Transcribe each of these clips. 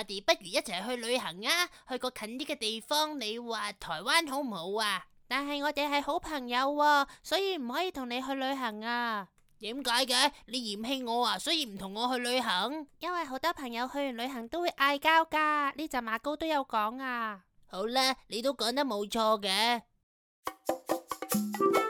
我哋不如一齊去旅行啊！去個近啲嘅地方，你話台灣好唔好啊？但係我哋係好朋友喎，所以唔可以同你去旅行啊！點解嘅？你嫌棄我啊？所以唔同我去旅行？因為好多朋友去完旅行都會嗌交噶，呢隻馬高都有講啊。好啦，你都講得冇錯嘅。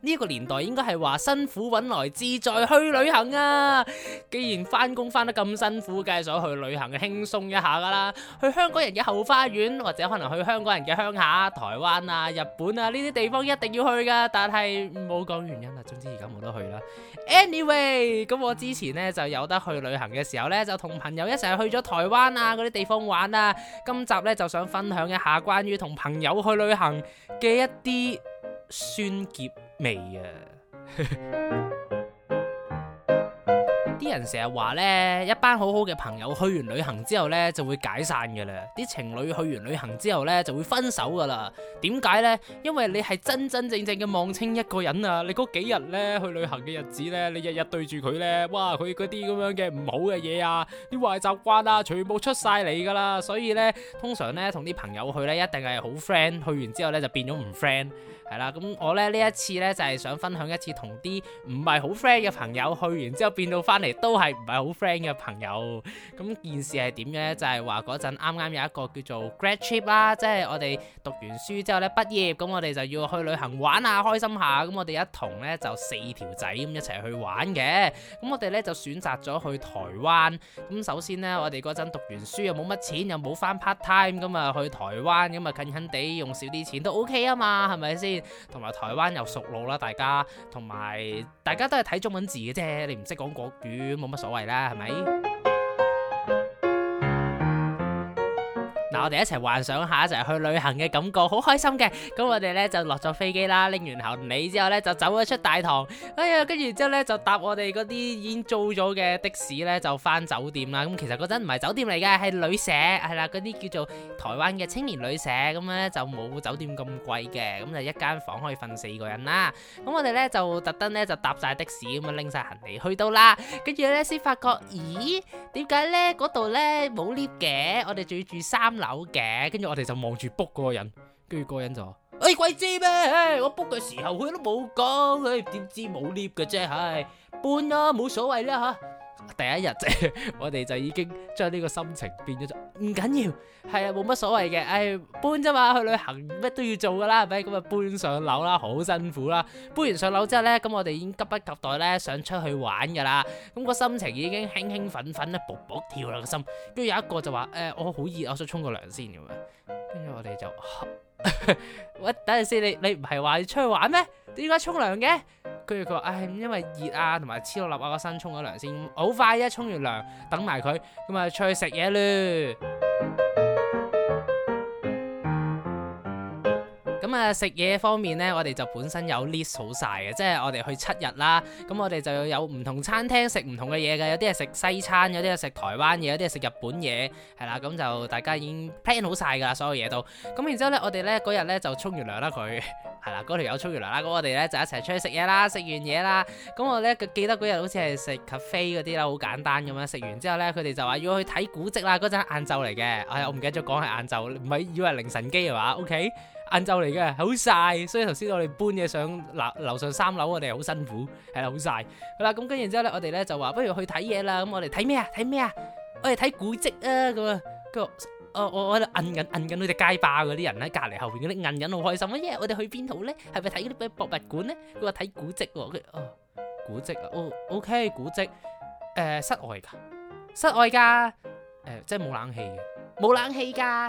呢個年代應該係話辛苦搵來自在去旅行啊！既然翻工翻得咁辛苦，梗係想去旅行，輕鬆一下噶啦。去香港人嘅後花園，或者可能去香港人嘅鄉下、台灣啊、日本啊呢啲地方一定要去噶。但係唔好講原因啦，總之而家冇得去啦。Anyway，咁我之前呢就有得去旅行嘅時候呢，就同朋友一齊去咗台灣啊嗰啲地方玩啊。今集呢，就想分享一下關於同朋友去旅行嘅一啲酸澀。未啊！ 啲人成日話呢，一班好好嘅朋友去完旅行之後呢就會解散噶啦。啲情侶去完旅行之後呢就會分手噶啦。點解呢？因為你係真真正正嘅望清一個人啊！你嗰幾日呢去旅行嘅日子呢，你日日對住佢呢，哇！佢嗰啲咁樣嘅唔好嘅嘢啊，啲壞習慣啊，全部出晒嚟噶啦。所以呢，通常呢，同啲朋友去呢，一定係好 friend，去完之後呢，就變咗唔 friend。係啦，咁我咧呢一次呢就係、是、想分享一次同啲唔係好 friend 嘅朋友，朋友去完之後變到翻嚟，都係唔係好 friend 嘅朋友。咁 件事係點嘅咧？就係話嗰陣啱啱有一個叫做 grad trip 啦、啊，即係我哋讀完書之後呢畢業，咁我哋就要去旅行玩下開心下，咁我哋一同呢就四條仔咁一齊去玩嘅。咁我哋呢就選擇咗去台灣。咁首先呢，我哋嗰陣讀完書又冇乜錢，又冇翻 part time，咁啊去台灣，咁啊近近地用少啲錢都 OK 啊嘛，係咪先？同埋台灣又熟路啦，大家同埋大家都係睇中文字嘅啫，你唔識講國語，冇乜所謂啦，係咪？我哋一齊幻想下一齊去旅行嘅感覺，好開心嘅。咁我哋咧就落咗飛機啦，拎完行李之後咧就走咗出大堂。哎呀，跟住之後咧就搭我哋嗰啲已經租咗嘅的士咧就翻酒店啦。咁其實嗰陣唔係酒店嚟嘅，係旅社係啦，嗰啲叫做台灣嘅青年旅社。咁咧就冇酒店咁貴嘅，咁就一間房可以瞓四個人啦。咁我哋咧就特登咧就搭晒的士咁樣拎晒行李去到啦。跟住咧先發覺，咦？點解咧嗰度咧冇 lift 嘅？我哋仲要住三樓。走嘅，跟住我哋就望住 book 個人，跟住個人就：，話、哎：啊「哎鬼知咩？我 book 嘅時候佢都冇講，佢點知冇 lift 嘅啫？嚇，搬啦、啊，冇所謂啦、啊、嚇。第一日啫， 我哋就已經將呢個心情變咗，就唔緊要，係啊冇乜所謂嘅，唉搬啫嘛，去旅行乜都要做噶啦，咪咁啊搬上樓啦，好辛苦啦，搬完上樓之後咧，咁我哋已經急不及待咧，想出去玩噶啦，咁、那個心情已經興興奮奮啦，卜卜跳啦個心，跟住有一個就話誒、欸、我好熱，我想沖個涼先咁樣，跟住我哋就喂等陣先， 你你唔係話要出去玩咩？點解沖涼嘅？跟住佢話：唉、哎，因為熱啊，同埋黐到笠啊，個身沖咗涼先，好快啊！沖完涼，等埋佢，咁啊出去食嘢嘞。食嘢方面呢，我哋就本身有 list 好晒嘅，即係我哋去七日啦。咁我哋就有唔同餐廳食唔同嘅嘢嘅，有啲係食西餐，有啲係食台灣嘢，有啲係食日本嘢，係啦。咁就大家已經 plan 好晒噶啦，所有嘢都咁。然之後咧，我哋呢嗰日呢就沖完涼、 那個那個、啦，佢係啦，嗰條友沖完涼啦，咁我哋呢就一齊出去食嘢啦，食完嘢啦。咁我呢記得嗰日好似係食 cafe 嗰啲啦，好簡單咁樣食完之後呢，佢哋就話要去睇古蹟啦。嗰陣晏晝嚟嘅，我唔記得咗講係晏晝，唔係以為凌晨機話，ok。晏晝嚟嘅，好晒，所以頭先我哋搬嘢上樓樓上三樓，我哋好辛苦，係啦，好晒，好啦，咁跟住之後咧，我哋咧就話不如去睇嘢啦，咁我哋睇咩啊？睇咩啊？我哋睇古蹟啊，咁啊，跟住我，我我喺度摁緊摁緊嗰隻街霸嗰啲人咧，隔籬後邊嗰啲摁緊好開心，啊耶！我哋去邊度咧？係咪睇嗰啲咩博物館咧？佢話睇古蹟，佢哦古蹟啊，OK 古蹟，誒室外噶，室外噶，誒即係冇冷氣嘅，冇冷氣噶，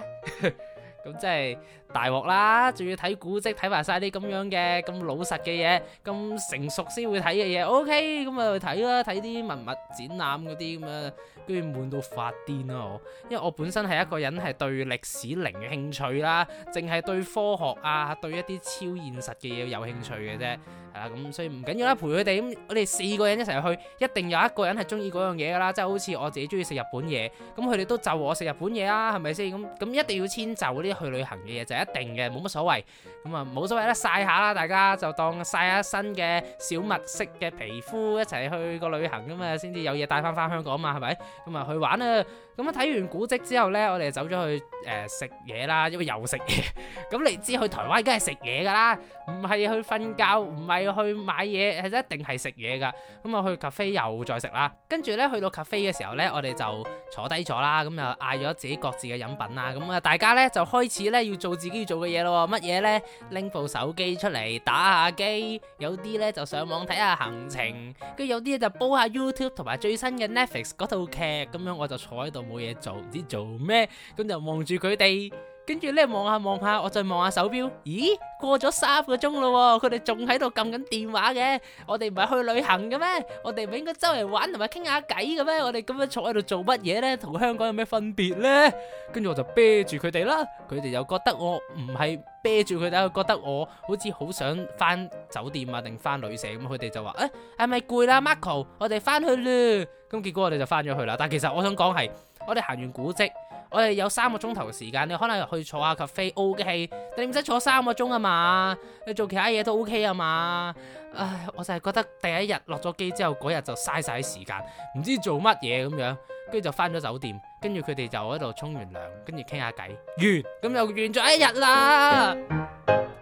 咁即係。大鑊啦，仲要睇古蹟，睇埋晒啲咁樣嘅咁老實嘅嘢，咁成熟先會睇嘅嘢。OK，咁咪去睇啦，睇啲文物展覽嗰啲咁啊，居然悶到發癲咯，因為我本身係一個人係對歷史零嘅興趣啦，淨係對科學啊，對一啲超現實嘅嘢有興趣嘅啫。係、啊、啦，咁所以唔緊要啦，陪佢哋咁，我哋四個人一齊去，一定有一個人係中意嗰樣嘢噶啦，即係好似我自己中意食日本嘢，咁佢哋都就我食日本嘢啦，係咪先？咁咁一定要遷就嗰啲去旅行嘅嘢就一定嘅冇乜所謂，咁啊冇所謂啦，晒下啦，大家就當晒下新嘅小物色嘅皮膚一齊去個旅行咁啊，先至有嘢帶翻翻香港嘛，係咪？咁啊去玩啦！咁啊睇完古蹟之後呢，我哋走咗去誒食嘢啦，因為又食嘢。咁 你知去台灣梗係食嘢㗎啦，唔係去瞓覺，唔係去買嘢，係一定係食嘢㗎。咁我去 cafe 又再食啦，跟住呢，去到 cafe 嘅時候呢，我哋就坐低咗啦，咁又嗌咗自己各自嘅飲品啊，咁、嗯、啊大家呢，就開始呢要做自己要做嘅嘢咯。乜嘢呢？拎部手機出嚟打下機，有啲呢就上網睇下行程，跟住有啲就煲下 YouTube 同埋最新嘅 Netflix 嗰套劇。咁樣我就坐喺度。冇嘢做，唔知做咩，咁就望住佢哋，跟住咧望下望下，我再望下手表，咦，過咗三個鐘咯，佢哋仲喺度撳緊電話嘅。我哋唔係去旅行嘅咩？我哋唔應該周圍玩同埋傾下偈嘅咩？我哋咁樣坐喺度做乜嘢咧？同香港有咩分別咧？跟住我就啤住佢哋啦，佢哋又覺得我唔係啤住佢哋，覺得我好似好想翻酒店啊，定翻旅社咁，佢哋就話誒，係咪攰啦，Marco？我哋翻去啦。咁結果我哋就翻咗去啦。但係其實我想講係。我哋行完古蹟，我哋有三個鐘頭嘅時間，你可能去坐下咖啡 O K，但你唔使坐三個鐘啊嘛，你做其他嘢都 O K 啊嘛。唉，我就係覺得第一日落咗機之後嗰日就嘥晒啲時間，唔知做乜嘢咁樣，跟住就返咗酒店，跟住佢哋就喺度沖完涼，跟住傾下偈，完咁又完咗一日啦。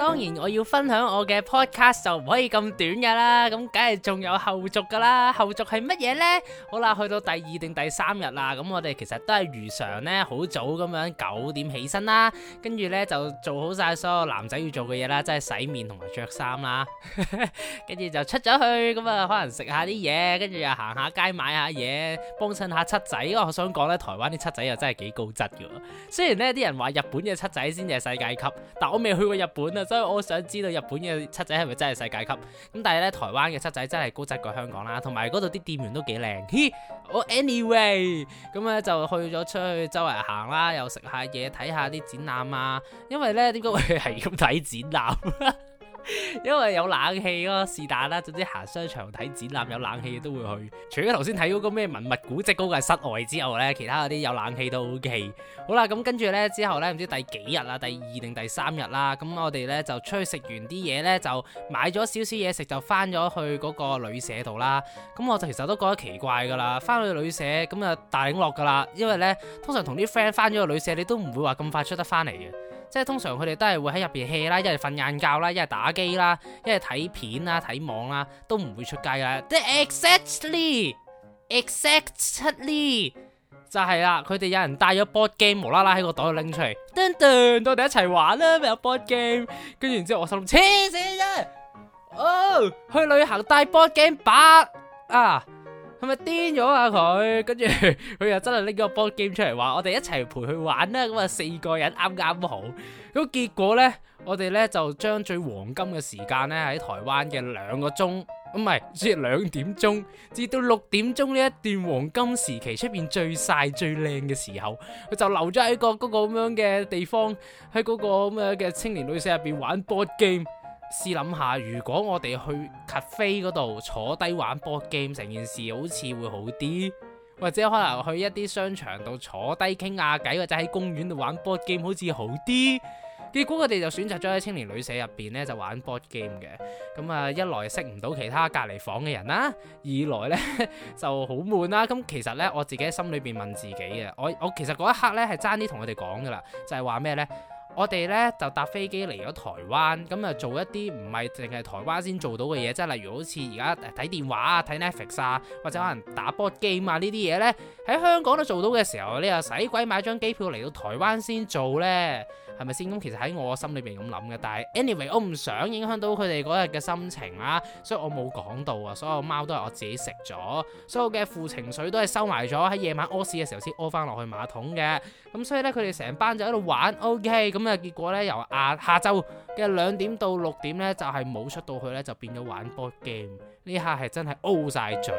當然我要分享我嘅 podcast 就唔可以咁短噶啦，咁梗係仲有後續噶啦，後續係乜嘢呢？好啦，去到第二定第三日啦，咁我哋其實都係如常呢，好早咁樣九點起身啦，跟住呢，就做好晒所有男仔要做嘅嘢啦，即係洗面同埋着衫啦，跟 住就出咗去，咁啊可能食下啲嘢，跟住又行下街買下嘢，幫襯下七仔，我想講呢，台灣啲七仔又真係幾高質嘅喎。雖然呢啲人話日本嘅七仔先至係世界級，但我未去過日本啊。所以我想知道日本嘅七仔係咪真係世界級咁，但係咧台灣嘅七仔真係高質過香港啦，同埋嗰度啲店員都幾靚。我、oh, anyway 咁咧就去咗出去周圍行啦，又食下嘢，睇下啲展覽啊。因為咧點解會係咁睇展覽？ 因為有冷氣咯，是但啦。總之行商場睇展覽有冷氣都會去。除咗頭先睇嗰個咩文物古跡嗰個係室外之外呢，其他嗰啲有冷氣都 OK。好啦，咁跟住呢，之後呢，唔知第幾日啦，啊，第二定第三日啦，啊，咁我哋呢就出去食完啲嘢呢，就買咗少少嘢食就，就翻咗去嗰個旅社度啦。咁我就其實都覺得奇怪噶啦，翻去旅社咁啊大領落噶啦，因為呢，通常同啲 friend 翻咗個旅社，你都唔會話咁快出得翻嚟嘅。即係通常佢哋都係會喺入邊 hea 啦，一係瞓晏覺啦，一係打機啦，一係睇片啦、睇網啦，都唔會出街噶。The exactly, exactly 就係啦，佢哋有人帶咗 board game 無啦啦喺個袋度拎出嚟，噔,噔，到，我哋一齊玩啦，咪有 board game。跟住然之後我心諗黐線啫。哦、啊，oh, 去旅行帶 board game 白啊！Ah. 係咪癲咗啊佢？跟住佢又真係拎個 board game 出嚟話，我哋一齊陪佢玩啦。咁啊四個人啱啱好，咁結果呢，我哋呢就將最黃金嘅時間呢喺台灣嘅兩個鐘，唔係即係兩點鐘至到六點鐘呢一段黃金時期出邊最晒最靚嘅時候，佢就留咗喺個嗰個咁樣嘅地方，喺嗰個咁樣嘅青年旅舍入邊玩 board game。試諗下，如果我哋去 cafe 嗰度坐低玩 board game，成件事好似會好啲，或者可能去一啲商場度坐低傾下偈，或者喺公園度玩 board game 好似好啲。結果佢哋就選擇咗喺青年旅舍入邊咧就玩 board game 嘅。咁啊，一來識唔到其他隔籬房嘅人啦、啊，二來呢 就好悶啦。咁其實呢，我自己喺心裏邊問自己嘅，我我其實嗰一刻呢係爭啲同佢哋講噶啦，就係話咩呢？我哋咧就搭飛機嚟咗台灣，咁、嗯、啊做一啲唔係淨係台灣先做到嘅嘢，即係例如好似而家睇電話啊、睇 Netflix 啊，或者可能打波 game 啊呢啲嘢咧，喺香港都做到嘅時候，你又使鬼買張機票嚟到台灣先做咧，係咪先？咁其實喺我心裏邊咁諗嘅，但係 anyway，我唔想影響到佢哋嗰日嘅心情啦、啊，所以我冇講到啊。所有貓都係我自己食咗，所有嘅負情緒都係收埋咗喺夜晚屙屎嘅時候先屙翻落去馬桶嘅。咁所以咧，佢哋成班就喺度玩，OK，咁。結果咧，由下下晝嘅兩點到六點咧，就係、是、冇出到去咧，就變咗玩 board game。呢下係真係 O 晒嘴。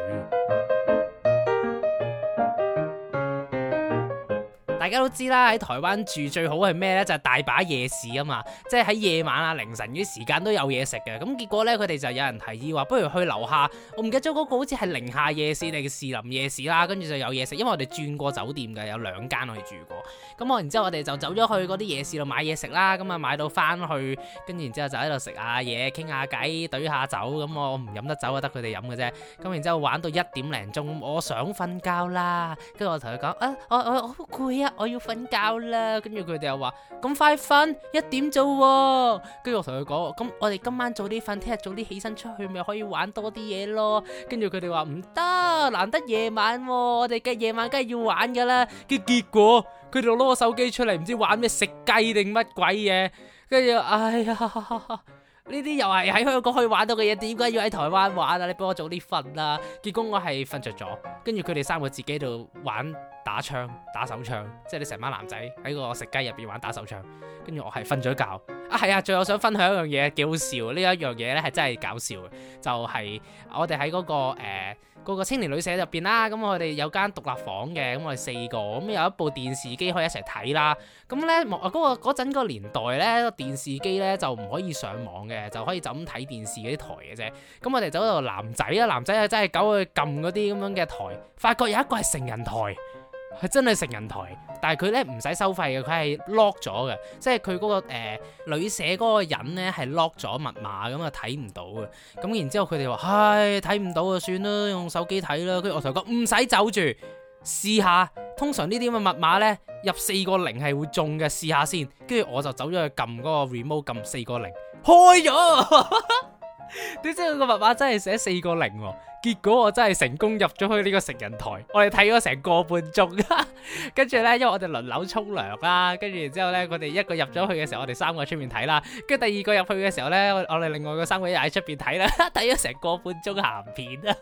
大家都知啦，喺台灣住最好係咩呢？就係、是、大把夜市啊嘛，即係喺夜晚啊凌晨嗰啲時間都有嘢食嘅。咁結果呢，佢哋就有人提議話，不如去樓下。我唔記得咗嗰個好似係寧夏夜市定士林夜市啦，跟住就有嘢食。因為我哋轉過酒店㗎，有兩間我哋住過。咁我然之後我哋就走咗去嗰啲夜市度買嘢食啦。咁啊買到翻去，跟住然之後就喺度食下嘢，傾下偈，懟下酒。咁、嗯、我唔飲得酒啊，得佢哋飲嘅啫。咁然之後玩到一點零鐘，我想瞓覺啦。跟住我同佢講：啊，我，我，我，我好攰啊！我要瞓覺啦，啊、跟住佢哋又話，咁快瞓一點做，跟住我同佢講，咁我哋今晚早啲瞓，聽日早啲起身出去咪可以玩多啲嘢咯。跟住佢哋話唔得，難得夜晚、啊，我哋嘅夜晚梗係要玩噶啦。結果佢哋攞個手機出嚟，唔知玩咩食雞定乜鬼嘢，跟住哎呀！哈哈哈哈呢啲又係喺香港可以玩到嘅嘢，點解要喺台灣玩啊？你幫我早啲瞓啦。結果我係瞓着咗，跟住佢哋三個自己喺度玩打槍、打手槍，即係你成班男仔喺個食雞入邊玩打手槍。跟住我係瞓咗一覺啊，係啊！最後想分享一樣嘢，幾好笑，呢一樣嘢咧係真係搞笑嘅，就係我哋喺嗰個誒嗰個青年旅社入邊啦。咁我哋有間獨立房嘅，咁我哋四個，咁有一部電視機可以一齊睇啦。咁咧，嗰、嗰個嗰陣個年代咧，電視機咧就唔可以上網嘅，就可以就咁睇電視嗰啲台嘅啫。咁我哋走到男仔啦，男仔咧真係搞去撳嗰啲咁樣嘅台，發覺有一個係成人台。係真係成人台，但係佢咧唔使收費嘅，佢係 lock 咗嘅，即係佢嗰個誒、呃、旅社嗰個人咧係 lock 咗密碼咁啊，睇唔到啊，咁然之後佢哋話，唉，睇唔到啊算啦，用手機睇啦，跟住我就講，唔使走住，試下，通常呢啲咁嘅密碼咧入四個零係會中嘅，試下先，跟住我就走咗去撳嗰個 remote 撳四個零，開咗。點知我個密碼真係寫四個零，結果我真係成功入咗去呢個成人台，我哋睇咗成個半鐘，跟 住呢，因為我哋輪流沖涼啦，跟住之後呢，我哋一個入咗去嘅時候，我哋三個喺出面睇啦，跟住第二個入去嘅時候呢，我哋另外個三個又喺出邊睇啦，睇咗成個半鐘咸片，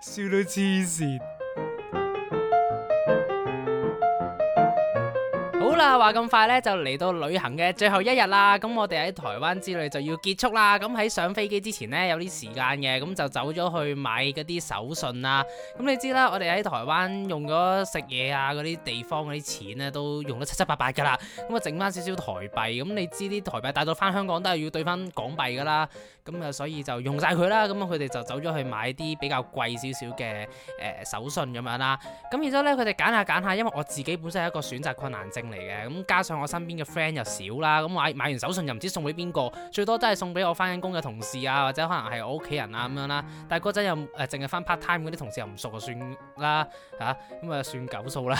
笑到黐線。啦，話咁快呢，就嚟到旅行嘅最後一日啦，咁我哋喺台灣之旅就要結束啦。咁喺上飛機之前呢，有啲時間嘅，咁就走咗去買嗰啲手信啦。咁你知啦，我哋喺台灣用咗食嘢啊嗰啲地方嗰啲錢呢，都用得七七八八噶啦。咁啊剩翻少少台幣，咁你知啲台幣帶到翻香港都係要兌翻港幣噶啦。咁啊所以就用晒佢啦。咁佢哋就走咗去買啲比較貴少少嘅誒手信咁樣啦。咁然之後呢，佢哋揀下揀下，因為我自己本身係一個選擇困難症嚟咁加上我身邊嘅 friend 又少啦，咁買買完手信又唔知送俾邊個，最多都係送俾我翻緊工嘅同事啊，或者可能係我屋企人啊咁樣啦。但係嗰陣又誒，淨係翻 part time 嗰啲同事又唔熟，就算啦嚇，咁啊算九數啦，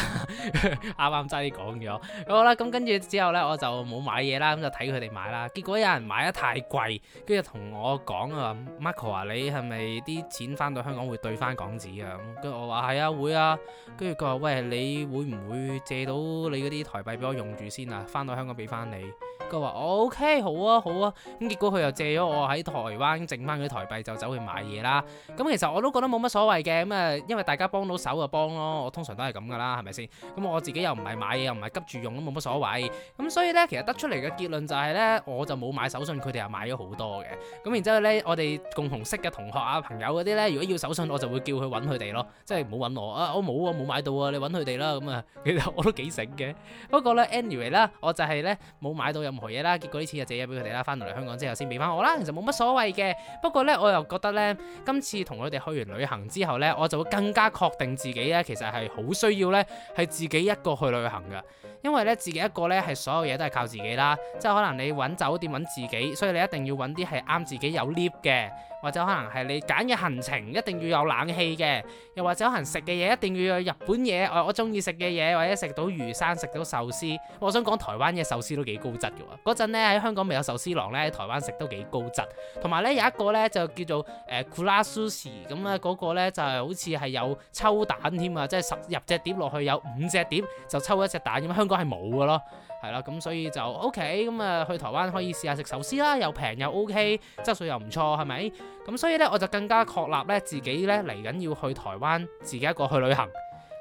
啱啱齋講咗。好啦，咁跟住之後呢，我就冇買嘢啦，咁就睇佢哋買啦。結果有人買得太貴，跟住同我講啊，Marco，你係咪啲錢翻到香港會兌翻港紙啊？跟住我話係啊，會啊。跟住佢話喂，你會唔會借到你嗰啲台幣？俾我用住先啦，翻到香港俾翻你。佢話 OK 好啊好啊，咁、啊、結果佢又借咗我喺台灣剩翻嗰啲台幣就走去買嘢啦。咁其實我都覺得冇乜所謂嘅，咁啊因為大家幫到手就幫咯，我通常都係咁噶啦，係咪先？咁我自己又唔係買嘢，又唔係急住用，都冇乜所謂。咁所以呢，其實得出嚟嘅結論就係呢：「我就冇買手信，佢哋又買咗好多嘅。」咁然之後呢，我哋共同識嘅同學啊、朋友嗰啲呢，如果要手信，我就會叫佢揾佢哋咯，即係唔好揾我啊，我冇啊，冇買到啊，你揾佢哋啦。咁啊，其實我都幾醒嘅，不過。a n y w a y 啦，anyway 啦，我就係咧冇買到任何嘢啦，結果呢次就借俾佢哋啦，翻到嚟香港之後先俾翻我啦，其實冇乜所謂嘅。不過呢，我又覺得呢，今次同佢哋去完旅行之後呢，我就會更加確定自己呢，其實係好需要呢，係自己一個去旅行噶。因為咧自己一個咧係所有嘢都係靠自己啦，即係可能你揾酒店揾自己，所以你一定要揾啲係啱自己有 need 嘅，或者可能係你揀嘅行程一定要有冷氣嘅，又或者可能食嘅嘢一定要有日本嘢，我我中意食嘅嘢，或者食到魚生食到壽司。我想講台灣嘅壽司都幾高質嘅喎，嗰陣咧喺香港未有壽司郎呢，喺台灣食都幾高質。同埋呢，有一個呢就叫做誒 Kura Sushi 咁啊，嗰、呃、個咧就係好似係有抽蛋添啊，即係十入隻碟落去有五隻碟就抽一隻蛋咁香。應該係冇嘅咯，係啦，咁所以就 OK，咁啊去台灣可以試下食壽司啦，又平又 OK，質素又唔錯，係咪？咁所以呢，我就更加確立呢自己呢嚟緊要去台灣自己一個去旅行。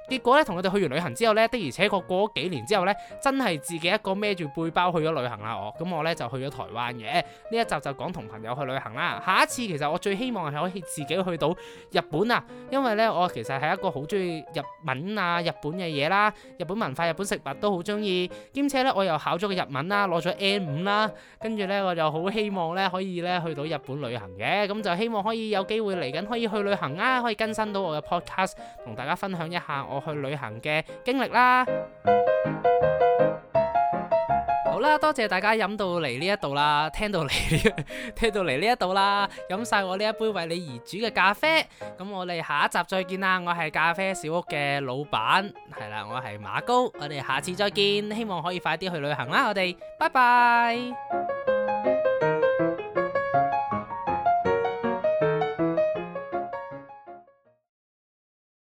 結果咧，同佢哋去完旅行之後呢，的而且確過咗幾年之後呢，真係自己一個孭住背包去咗旅行啦。我咁我呢就去咗台灣嘅。呢一集就講同朋友去旅行啦。下一次其實我最希望係可以自己去到日本啊，因為呢，我其實係一個好中意日文啊、日本嘅嘢啦、日本文化、日本食物都好中意。兼且呢，我又考咗個日文啦、啊，攞咗 N 五啦，跟住呢，我就好希望呢，可以呢去到日本旅行嘅。咁就希望可以有機會嚟緊可以去旅行啊，可以更新到我嘅 podcast，同大家分享一下我。去旅行嘅經歷啦，好啦，多謝大家飲到嚟呢一度啦，聽到嚟 聽到嚟呢一度啦，飲晒我呢一杯為你而煮嘅咖啡，咁我哋下一集再見啦，我係咖啡小屋嘅老闆，係啦，我係馬高，我哋下次再見，希望可以快啲去旅行啦，我哋，拜拜。